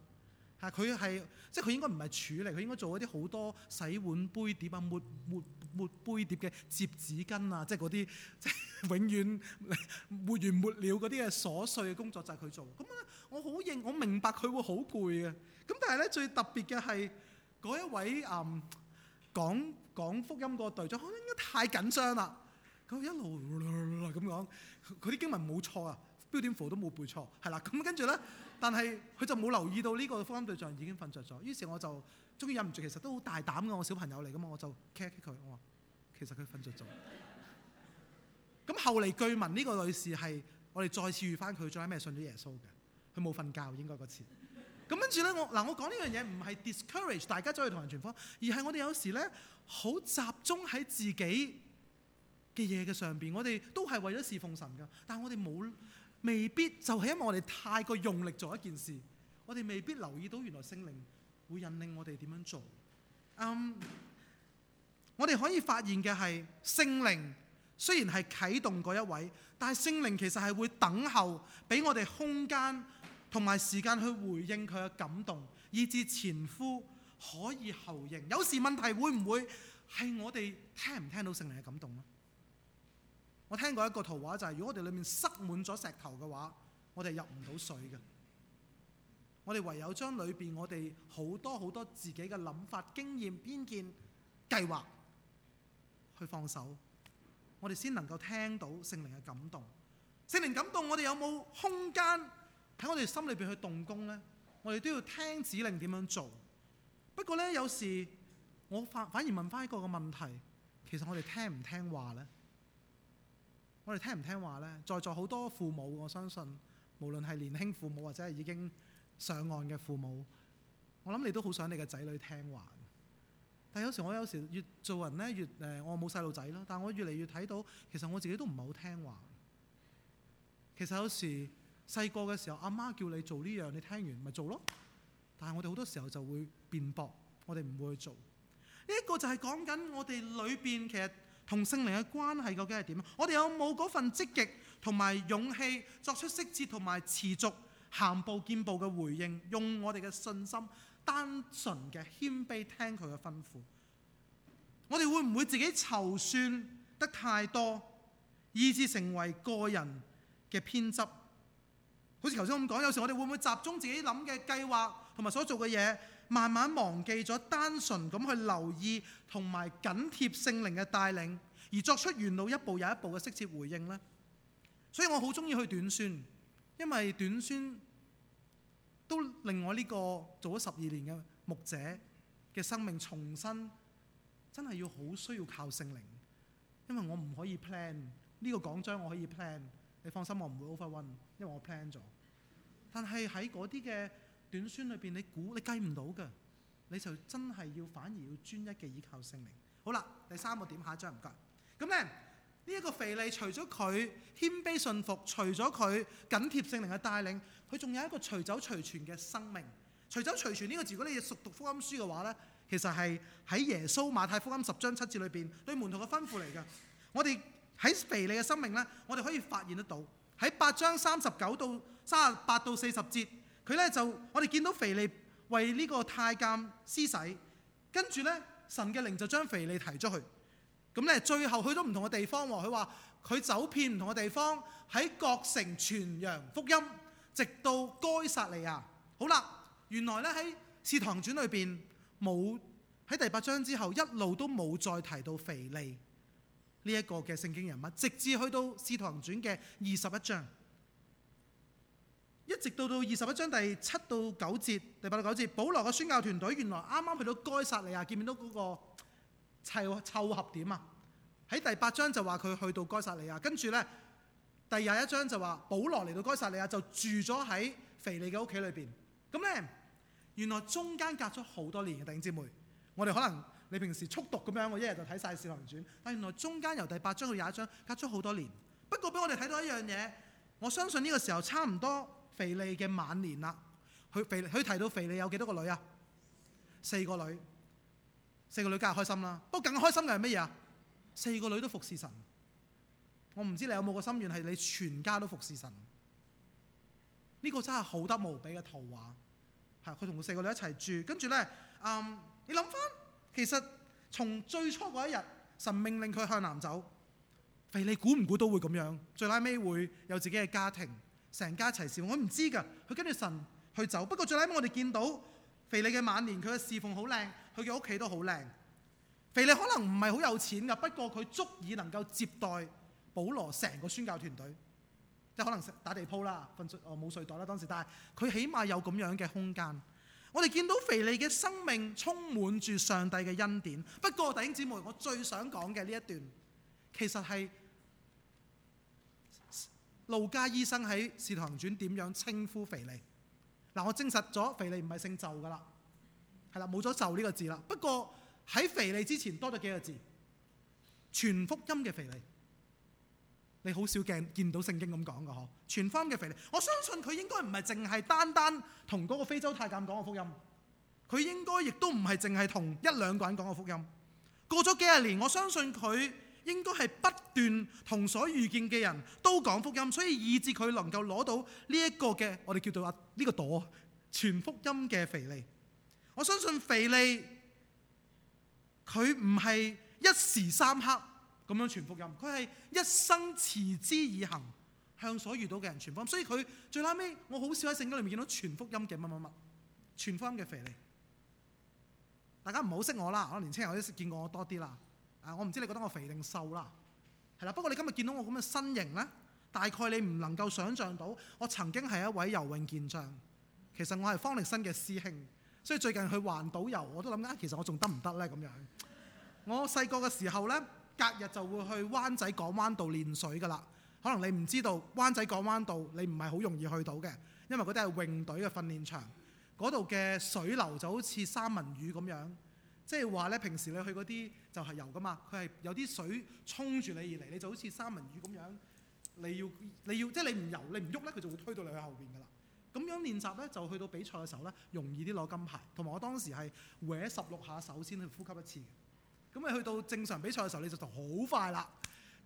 啊！佢係即係佢應該唔係處理，佢應該做一啲好多洗碗杯碟啊、抹抹抹杯碟嘅、摺紙巾啊，即係嗰啲即係永遠沒完沒了嗰啲嘅瑣碎嘅工作就係佢做。咁咧，我好認，我明白佢會好攰嘅。咁但係咧，最特別嘅係嗰一位誒、嗯、講講福音嗰隊長，應該太緊張啦。佢一路咁講，佢啲經文冇錯啊，標點符都冇背錯，係啦。咁跟住咧。但係佢就冇留意到呢個福音對象已經瞓着咗，於是我就終於忍唔住，其實都好大膽嘅我小朋友嚟㗎嘛，我就 kick 一 kick 佢，我話其實佢瞓着咗。咁 <laughs> 後嚟據聞呢個女士係我哋再次遇翻佢，再係咩信咗耶穌嘅，佢冇瞓覺應該嗰次該。咁跟住咧，我嗱我講呢樣嘢唔係 discourage 大家再去同人傳福音，而係我哋有時咧好集中喺自己嘅嘢嘅上邊，我哋都係為咗侍奉神㗎，但係我哋冇。未必就係因為我哋太過用力做一件事，我哋未必留意到原來聖靈會引領我哋點樣做。Um，我哋可以發現嘅係聖靈雖然係啟動嗰一位，但係聖靈其實係會等候俾我哋空間同埋時間去回應佢嘅感動，以至前呼可以後應。有時問題會唔會係我哋聽唔聽到聖靈嘅感動呢？我聽過一個圖畫，就係、是、如果我哋裏面塞滿咗石頭嘅話，我哋入唔到水嘅。我哋唯有將裏邊我哋好多好多自己嘅諗法、經驗、偏見、計劃，去放手，我哋先能夠聽到聖靈嘅感動。聖靈感動，我哋有冇空間喺我哋心裏邊去動工呢？我哋都要聽指令點樣做。不過呢，有時我反反而問翻一個嘅問題，其實我哋聽唔聽話呢？我哋聽唔聽話呢？在座好多父母，我相信無論係年輕父母或者係已經上岸嘅父母，我諗你都好想你嘅仔女聽話。但有時我有時越做人呢，越誒、呃、我冇細路仔咯。但我越嚟越睇到，其實我自己都唔係好聽話。其實有時細個嘅時候，阿媽叫你做呢樣，你聽完咪做咯。但係我哋好多時候就會辯駁，我哋唔會去做。呢、這、一個就係講緊我哋裏邊其實。同聖靈嘅關係究竟係點？我哋有冇嗰份積極同埋勇氣，作出適切同埋持續行步見步嘅回應？用我哋嘅信心，單純嘅謙卑聽佢嘅吩咐。我哋會唔會自己籌算得太多，以致成為個人嘅偏執？好似頭先咁講，有時我哋會唔會集中自己諗嘅計劃同埋所做嘅嘢？慢慢忘記咗，單純咁去留意同埋緊貼聖靈嘅帶領，而作出沿路一步又一步嘅適切回應呢。所以我好中意去短宣，因為短宣都令我呢個做咗十二年嘅牧者嘅生命重新，真係要好需要靠聖靈，因為我唔可以 plan 呢個講章，我可以 plan。你放心，我唔會 overrun，因為我 plan 咗。但係喺嗰啲嘅。短宣裏邊，你估你計唔到嘅，你就真係要反而要專一嘅依靠聖靈。好啦，第三個點，下一張唔該。咁咧，呢一個腓利除咗佢謙卑信服，除咗佢緊貼聖靈嘅帶領，佢仲有一個隨走隨傳嘅生命。隨走隨傳呢個字，如果你熟讀福音書嘅話咧，其實係喺耶穌馬太福音十章七節裏邊對門徒嘅吩咐嚟嘅。我哋喺腓利嘅生命咧，我哋可以發現得到喺八章三十九到三十八到四十節。佢咧就我哋見到腓利為呢個太監施洗，跟住呢，神嘅靈就將腓利提出去，咁呢，最後去到唔同嘅地方喎。佢話佢走遍唔同嘅地方，喺各城傳揚福音，直到該撒利亞。好啦，原來呢，喺《使徒行傳》裏邊冇喺第八章之後一路都冇再提到腓利呢一個嘅聖經人物，直至去到《使徒行傳》嘅二十一章。一直到到二十一章第七到九節，第八到九節，保羅嘅宣教團隊原來啱啱去，那個那個、去到該撒利亞，見唔到嗰個齊湊合點啊！喺第八章就話佢去到該撒利亞，跟住咧第二十一章就話保羅嚟到該撒利亞就住咗喺腓利嘅屋企裏邊。咁咧原來中間隔咗好多年嘅弟兄姊妹，我哋可能你平時速讀咁樣，我一日就睇晒《使徒行傳》，但原來中間由第八章去廿一章隔咗好多年。不過俾我哋睇到一樣嘢，我相信呢個時候差唔多。腓利嘅晚年啦，佢腓佢提到腓利有幾多個女啊？四個女，四個女梗係開心啦。不過更開心嘅係乜嘢啊？四個女都服侍神。我唔知你有冇個心願係你全家都服侍神？呢個真係好得無比嘅圖畫，係佢同佢四個女一齊住，跟住咧，嗯，你諗翻，其實從最初嗰一日，神命令佢向南走，腓利估唔估都會咁樣，最拉尾會有自己嘅家庭。成家齊侍奉，我唔知噶，佢跟住神去走。不過最尾我哋見到腓利嘅晚年，佢嘅侍奉好靚，佢嘅屋企都好靚。腓利可能唔係好有錢噶，不過佢足以能夠接待保羅成個宣教團隊，即係可能打地鋪啦、瞓哦冇睡袋啦當時，但係佢起碼有咁樣嘅空間。我哋見到腓利嘅生命充滿住上帝嘅恩典。不過弟兄姊妹，我最想講嘅呢一段其實係。路加醫生喺《使徒行傳》點樣稱呼腓利？嗱，我證實咗腓利唔係姓就噶啦，係啦，冇咗就呢個字啦。不過喺腓利之前多咗幾個字，傳福音嘅腓利，你好少見見到聖經咁講嘅呵。傳福音嘅腓利，我相信佢應該唔係淨係單單同嗰個非洲太監講個福音，佢應該亦都唔係淨係同一兩個人講個福音。過咗幾廿年，我相信佢。應該係不斷同所遇見嘅人都講福音，所以以致佢能夠攞到呢一個嘅我哋叫做啊呢個朵傳福音嘅腓利。我相信腓利佢唔係一時三刻咁樣傳福音，佢係一生持之以恆，向所遇到嘅人傳福音。所以佢最 last 尾，我好少喺聖經裏面見到傳福音嘅乜乜乜傳福音嘅腓利。大家唔好識我啦，可能年青人都見過我多啲啦。啊！我唔知你覺得我肥定瘦啦，係啦。不過你今日見到我咁嘅身形呢，大概你唔能夠想像到我曾經係一位游泳健將。其實我係方力申嘅師兄，所以最近去環島遊，我都諗緊，其實我仲得唔得呢？咁樣。我細個嘅時候呢，隔日就會去灣仔港灣道練水㗎啦。可能你唔知道灣仔港灣道，你唔係好容易去到嘅，因為嗰啲係泳隊嘅訓練場，嗰度嘅水流就好似三文魚咁樣。即係話咧，平時你去嗰啲就係游㗎嘛，佢係有啲水沖住你而嚟，你就好似三文魚咁樣，你要你要即係、就是、你唔游你唔喐咧，佢就會推到你去後邊㗎啦。咁樣練習咧，就去到比賽嘅時候咧，容易啲攞金牌。同埋我當時係搲十六下手先去呼吸一次嘅。咁誒去到正常比賽嘅時候你就就，你就做到好快啦。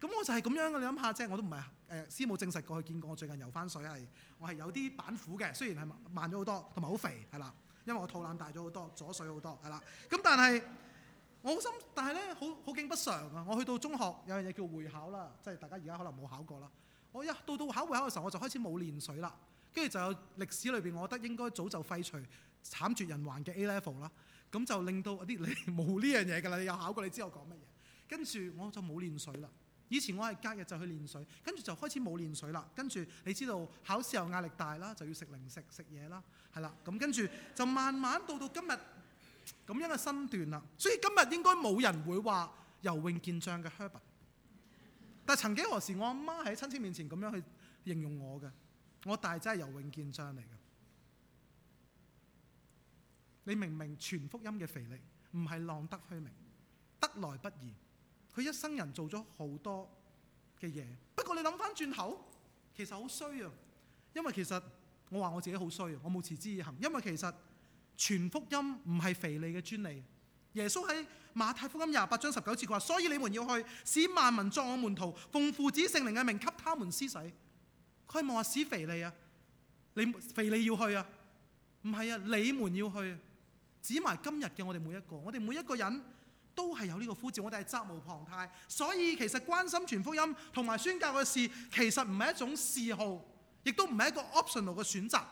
咁我就係咁樣嘅，你諗下啫。我都唔係誒師母證實過去見過，我最近游返水係我係有啲板斧嘅，雖然係慢咗好多，同埋好肥係啦。因為我肚腩大咗好多，阻水好多，係啦。咁但係我好心，但係咧好好景不常啊！我去到中學有樣嘢叫會考啦，即係大家而家可能冇考過啦。我一到到考會考嘅時候，我就開始冇練水啦。跟住就有歷史裏邊，我覺得應該早就廢除慘絕人寰嘅 A level 啦。咁就令到啲你冇呢樣嘢㗎啦。你有考過，你知我講乜嘢。跟住我就冇練水啦。以前我係隔日就去練水，跟住就開始冇練水啦。跟住你知道考試又壓力大啦，就要食零食食嘢啦，係啦。咁跟住就慢慢到到今日咁樣嘅身段啦。所以今日應該冇人會話游泳健將嘅 Herbert，但曾幾何時我阿媽喺親戚面前咁樣去形容我嘅，我大仔係游泳健將嚟嘅。你明唔明全福音嘅肥力唔係浪得虛名，得來不易。佢一生人做咗好多嘅嘢，不過你諗翻轉頭，其實好衰啊！因為其實我話我自己好衰啊，我冇持之以恒，因為其實傳福音唔係腓利嘅專利。耶穌喺馬太福音廿八章十九節佢話：所以你們要去，使萬民作我門徒，奉父子聖靈嘅名給他們施洗。佢冇話使腓利啊，你腓利要去啊？唔係啊，你們要去啊。指埋今日嘅我哋每一個，我哋每一個人。都係有呢個呼召，我哋係責無旁貸。所以其實關心傳福音同埋宣教嘅事，其實唔係一種嗜好，亦都唔係一個 optional 嘅選擇。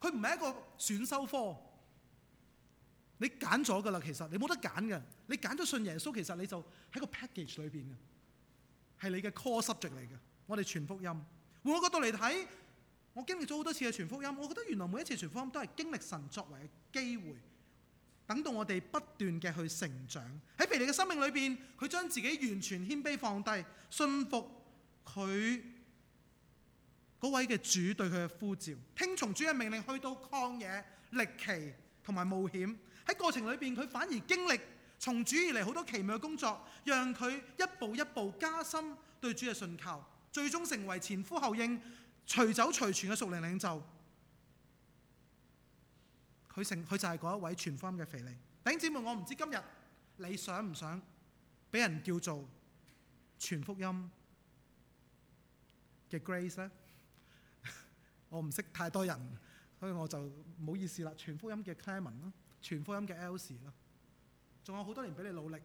佢唔係一個選修科，你揀咗㗎啦。其實你冇得揀嘅，你揀咗信耶穌，其實你就喺個 package 裏邊嘅，係你嘅 core subject 嚟嘅。我哋傳福音，換個角度嚟睇，我經歷咗好多次嘅傳福音，我覺得原來每一次傳福音都係經歷神作為嘅機會。等到我哋不斷嘅去成長，喺腓力嘅生命裏邊，佢將自己完全謙卑放低，信服佢嗰位嘅主對佢嘅呼召，聽從主嘅命令，去到曠野、歷奇同埋冒險。喺過程裏邊，佢反而經歷從主而嚟好多奇妙嘅工作，讓佢一步一步加深對主嘅信靠，最終成為前呼後應、隨走隨傳嘅屬靈領袖。佢佢就係嗰一位全福音嘅腓利。丁姐妹，我唔知今日你想唔想俾人叫做全福音嘅 Grace 咧？ <laughs> 我唔識太多人，所以我就唔好意思啦。全福音嘅 Clement 啦，全福音嘅 Elly 啦，仲有好多年俾你努力，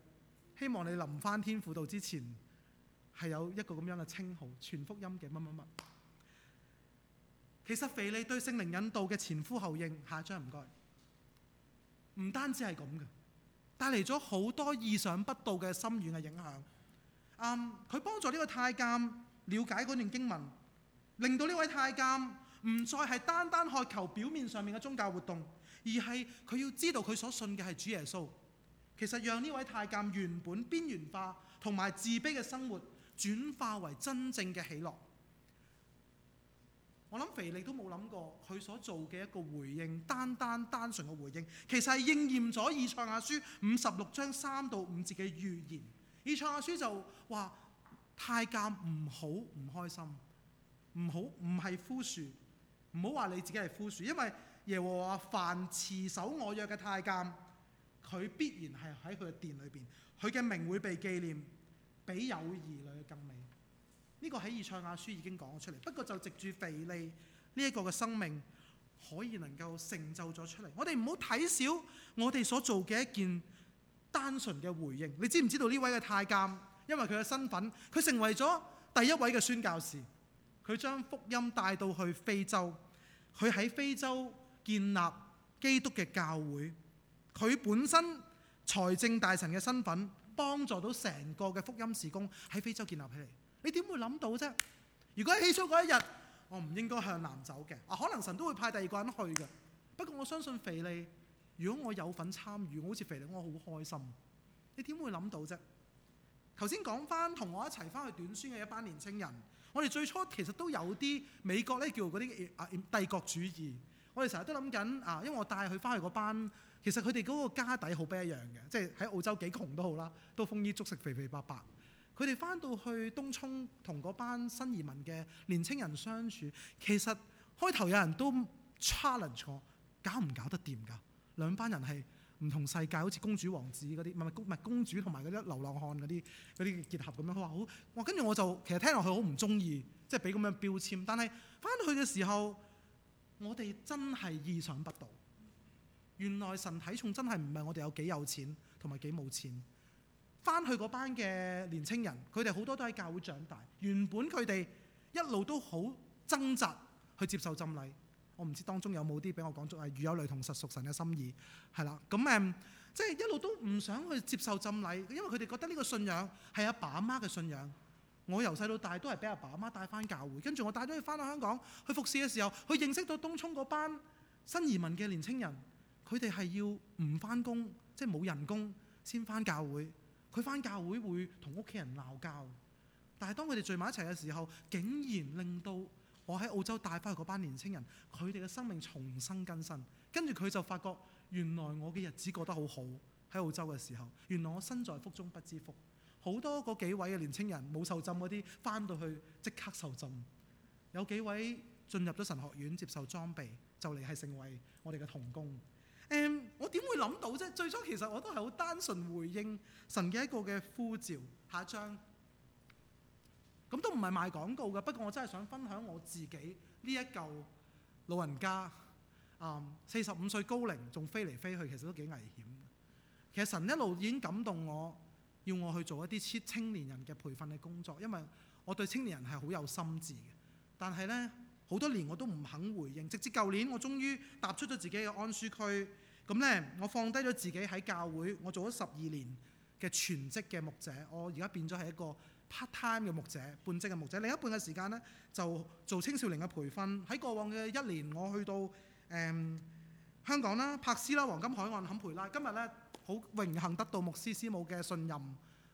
希望你臨返天父度之前係有一個咁樣嘅稱號，全福音嘅乜乜乜。其實腓利對聖靈引導嘅前呼後應，下一張唔該。唔單止係咁嘅，帶嚟咗好多意想不到嘅深遠嘅影響。嗯，佢幫助呢個太監了解嗰段經文，令到呢位太監唔再係單單渴求表面上面嘅宗教活動，而係佢要知道佢所信嘅係主耶穌。其實讓呢位太監原本邊緣化同埋自卑嘅生活，轉化為真正嘅喜樂。我諗腓力都冇諗過佢所做嘅一個回應，單單單純嘅回應，其實係應驗咗以賽亞書五十六章三到五節嘅預言。以賽亞書就話太監唔好，唔開心，唔好唔係枯樹，唔好話你自己係枯樹，因為耶和華凡持守我約嘅太監，佢必然係喺佢嘅殿裏邊，佢嘅名會被記念，比有兒女更名。呢個喺《以賽亞書》已經講咗出嚟，不過就藉住腓利呢一個嘅生命，可以能夠成就咗出嚟。我哋唔好睇小我哋所做嘅一件單純嘅回應。你知唔知道呢位嘅太監，因為佢嘅身份，佢成為咗第一位嘅宣教士。佢將福音帶到去非洲，佢喺非洲建立基督嘅教會。佢本身財政大臣嘅身份，幫助到成個嘅福音事工喺非洲建立起嚟。你點會諗到啫？如果喺起初嗰一日，我唔應該向南走嘅。啊，可能神都會派第二個人去嘅。不過我相信腓利，如果我有份參與，我好似腓利，我好開心。你點會諗到啫？頭先講翻同我一齊翻去短宣嘅一班年青人，我哋最初其實都有啲美國咧，叫嗰啲啊帝國主義。我哋成日都諗緊啊，因為我帶佢翻去嗰班，其實佢哋嗰個家底好不一樣嘅，即係喺澳洲幾窮都好啦，都豐衣足食，肥肥白白。佢哋翻到去東涌同嗰班新移民嘅年青人相處，其實開頭有人都 challenge 我，搞唔搞得掂㗎？兩班人係唔同世界，好似公主王子嗰啲，唔係唔係公主同埋嗰啲流浪漢嗰啲嗰啲結合咁樣。佢話好，我跟住我就其實聽落去好唔中意，即係俾咁樣標籤。但係翻到去嘅時候，我哋真係意想不到，原來神睇重真係唔係我哋有幾有錢同埋幾冇錢。翻去嗰班嘅年青人，佢哋好多都喺教會長大。原本佢哋一路都好掙扎去接受浸禮。我唔知當中有冇啲俾我講咗係如有類同實屬神嘅心意係啦。咁誒、嗯，即係一路都唔想去接受浸禮，因為佢哋覺得呢個信仰係阿爸阿媽嘅信仰。我由細到大都係俾阿爸阿媽帶翻教會，跟住我帶咗佢翻到香港去服侍嘅時候，佢認識到東涌嗰班新移民嘅年青人，佢哋係要唔翻工即係冇人工先翻教會。佢翻教會會同屋企人鬧交，但係當佢哋聚埋一齊嘅時候，竟然令到我喺澳洲帶翻去嗰班年青人，佢哋嘅生命重新更新。跟住佢就發覺，原來我嘅日子過得好好喺澳洲嘅時候，原來我身在福中不知福。好多嗰幾位嘅年青人冇受浸嗰啲，翻到去即刻受浸。有幾位進入咗神學院接受裝備，就嚟係成為我哋嘅同工。嗯。點會諗到啫？最初其實我都係好單純回應神嘅一個嘅呼召。下一張，咁都唔係賣廣告嘅，不過我真係想分享我自己呢一嚿老人家，四十五歲高齡，仲飛嚟飛去，其實都幾危險。其實神一路已經感動我，要我去做一啲青年人嘅培訓嘅工作，因為我對青年人係好有心志嘅。但係呢，好多年我都唔肯回應，直至舊年我終於踏出咗自己嘅安舒區。咁呢，我放低咗自己喺教會，我做咗十二年嘅全職嘅牧者，我而家變咗係一個 part time 嘅牧者，半職嘅牧者。另一半嘅時間呢，就做青少年嘅培訓。喺過往嘅一年，我去到誒、嗯、香港啦、柏斯啦、黃金海岸、坎培拉。今日呢，好榮幸得到牧師師母嘅信任，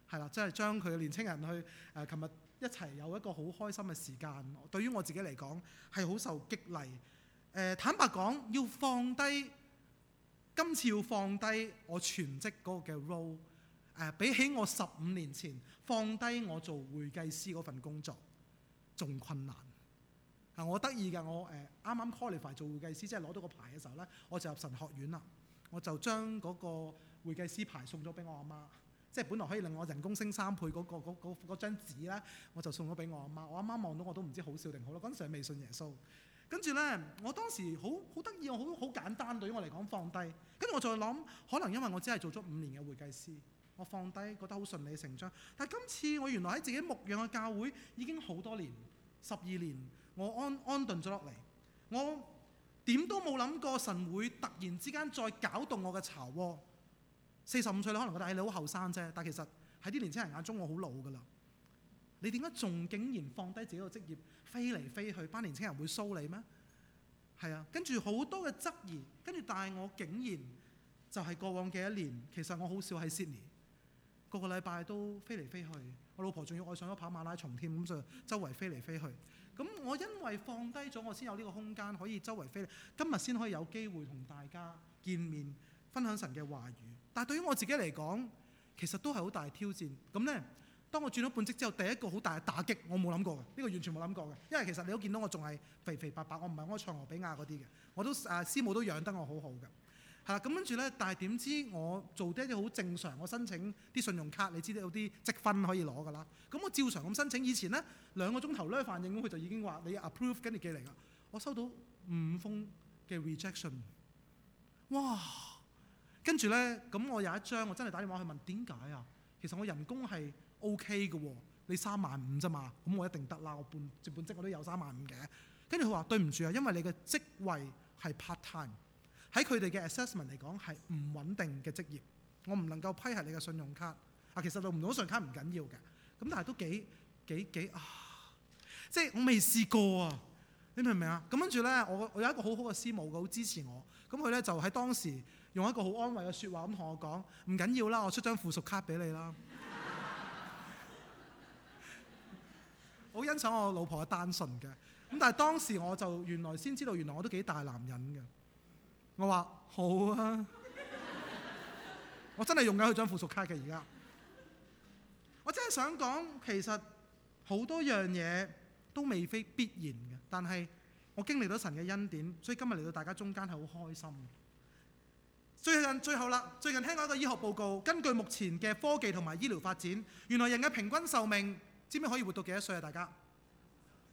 係啦，即係將佢嘅年青人去誒，呃、琴日一齊有一個好開心嘅時間。對於我自己嚟講係好受激勵、呃。坦白講，要放低。今次要放低我全職嗰個嘅 role、呃、比起，我十五年前放低我做會計師嗰份工作仲困難。啊，我得意嘅，我誒啱、呃、啱 qualify 做會計師，即係攞到個牌嘅時候呢，我就入神學院啦，我就將嗰個會計師牌送咗俾我阿媽，媽，即係本來可以令我人工升三倍嗰，那個嗰嗰嗰張紙呢，我就送咗俾我阿媽，媽。我阿媽望到我都唔知好笑定好咯。嗰陣時係未信耶穌。跟住呢，我當時好好得意，我好好簡單對於我嚟講放低。跟住我就諗，可能因為我只係做咗五年嘅會計師，我放低覺得好順理成章。但係今次我原來喺自己牧養嘅教會已經好多年，十二年，我安安頓咗落嚟。我點都冇諗過神會突然之間再搞動我嘅巢窩。四十五歲你可能覺得係你好後生啫，但其實喺啲年青人眼中我好老㗎啦。你點解仲竟然放低自己個職業？飛嚟飛去，班年青人會騷你咩？係啊，跟住好多嘅質疑，跟住但係我竟然就係過往嘅一年，其實我好少喺 Sydney，個個禮拜都飛嚟飛去，我老婆仲要愛上咗跑馬拉松添，咁就周圍飛嚟飛去。咁我因為放低咗，我先有呢個空間可以周圍飛，今日先可以有機會同大家見面，分享神嘅話語。但對於我自己嚟講，其實都係好大挑戰。咁呢。當我轉咗半職之後，第一個好大嘅打擊，我冇諗過嘅，呢個完全冇諗過嘅。因為其實你都見到我仲係肥肥白白，我唔係我埃塞俄比亞嗰啲嘅，我都誒師母都養得我好好嘅。係啦，咁跟住咧，但係點知我做爹哋好正常，我申請啲信用卡，你知道有啲積分可以攞㗎啦。咁我照常咁申請，以前咧兩個鐘頭咧反應，咁佢就已經話你 approve 跟住寄嚟㗎。我收到五封嘅 rejection，哇！跟住咧，咁我有一張，我真係打電話去問點解啊？其實我人工係。O.K. 嘅喎、哦，你三萬五咋嘛？咁、嗯、我一定得啦，我半半職我都有三萬五嘅。跟住佢話：對唔住啊，因為你嘅職位係 part-time，喺佢哋嘅 assessment 嚟講係唔穩定嘅職業，我唔能夠批核你嘅信用卡。啊，其實攞唔到信用卡唔緊要嘅，咁但係都幾幾幾啊！即係我未試過啊，你明唔明啊？咁跟住呢，我我有一個好好嘅師母嘅，好支持我。咁、嗯、佢呢就喺當時用一個好安慰嘅説話咁同我講：唔緊要啦，我出張附屬卡俾你啦。好欣賞我老婆嘅單純嘅，咁但係當時我就原來先知道，原來我都幾大男人嘅。我話好啊， <laughs> 我真係用緊佢張附屬卡嘅而家。我真係想講，其實好多樣嘢都未非必然嘅，但係我經歷到神嘅恩典，所以今日嚟到大家中間係好開心。最近最後啦，最近聽講一個醫學報告，根據目前嘅科技同埋醫療發展，原來人嘅平均壽命，知唔知可以活到幾多歲啊？大家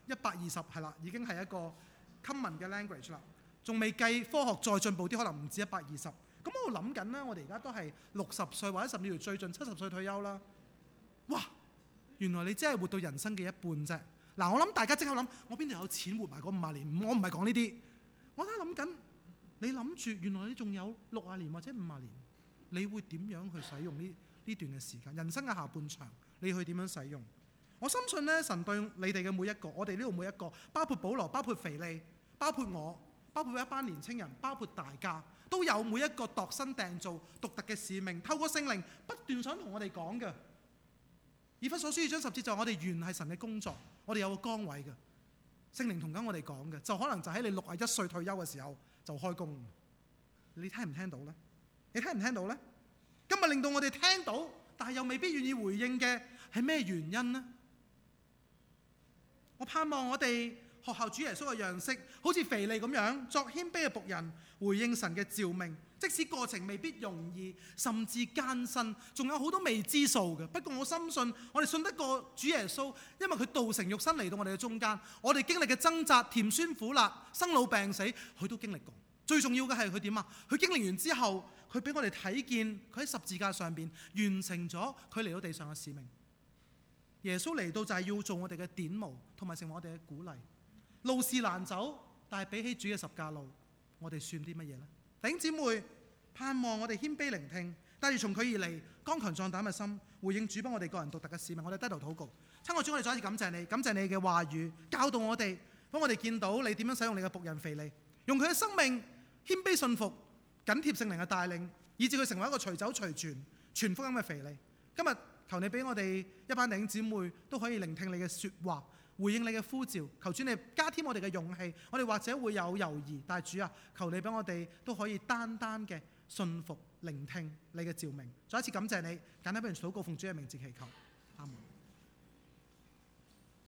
一百二十係啦，已經係一個 common 嘅 language 啦。仲未計科學再進步啲，可能唔止一百二十。咁我諗緊咧，我哋而家都係六十歲或者甚至乎最近七十歲退休啦。哇！原來你真係活到人生嘅一半啫。嗱、嗯，我諗大家即刻諗，我邊度有錢活埋嗰五啊年？我唔係講呢啲。我而家諗緊，你諗住原來你仲有六啊年或者五啊年，你會點樣去使用呢呢段嘅時間？人生嘅下半場，你去點樣使用？我相信咧，神對你哋嘅每一個，我哋呢度每一個，包括保羅，包括肥利，包括我，包括一班年青人，包括大家，都有每一個度身訂造、獨特嘅使命。透過聖靈不斷想同我哋講嘅，《而弗所書要章十節》，就我哋原係神嘅工作，我哋有個崗位嘅。聖靈同緊我哋講嘅，就可能就喺你六啊一歲退休嘅時候就開工。你聽唔聽到咧？你聽唔聽到咧？今日令到我哋聽到，但係又未必願意回應嘅係咩原因呢？我盼望我哋學效主耶穌嘅樣式，好似腓利咁樣作謙卑嘅僕人，回應神嘅召命。即使過程未必容易，甚至艱辛，仲有好多未知數嘅。不過我深信，我哋信得過主耶穌，因為佢道成肉身嚟到我哋嘅中間。我哋經歷嘅掙扎、甜酸苦辣、生老病死，佢都經歷過。最重要嘅係佢點啊？佢經歷完之後，佢俾我哋睇見佢喺十字架上面完成咗佢嚟到地上嘅使命。耶穌嚟到就係要做我哋嘅典模，同埋成為我哋嘅鼓勵。路是難走，但係比起主嘅十架路，我哋算啲乜嘢呢？弟兄姊妹，盼望我哋謙卑聆聽，帶住從佢而嚟剛強壯膽嘅心，回應主，幫我哋個人獨特嘅使命。我哋低頭禱告，親愛主，我哋再一次感謝你，感謝你嘅話語教導我哋，幫我哋見到你點樣使用你嘅僕人腓利，用佢嘅生命謙卑信服，緊貼聖靈嘅帶領，以至佢成為一個隨走隨傳、傳福音嘅腓利。今日。求你俾我哋一班弟兄姊妹都可以聆聽你嘅説話，回應你嘅呼召。求主你加添我哋嘅勇氣，我哋或者會有猶疑，但係主啊，求你俾我哋都可以單單嘅信服聆聽你嘅召命。再一次感謝你，簡單不人禱告奉主嘅名字，祈求。